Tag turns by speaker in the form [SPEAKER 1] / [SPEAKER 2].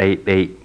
[SPEAKER 1] they, they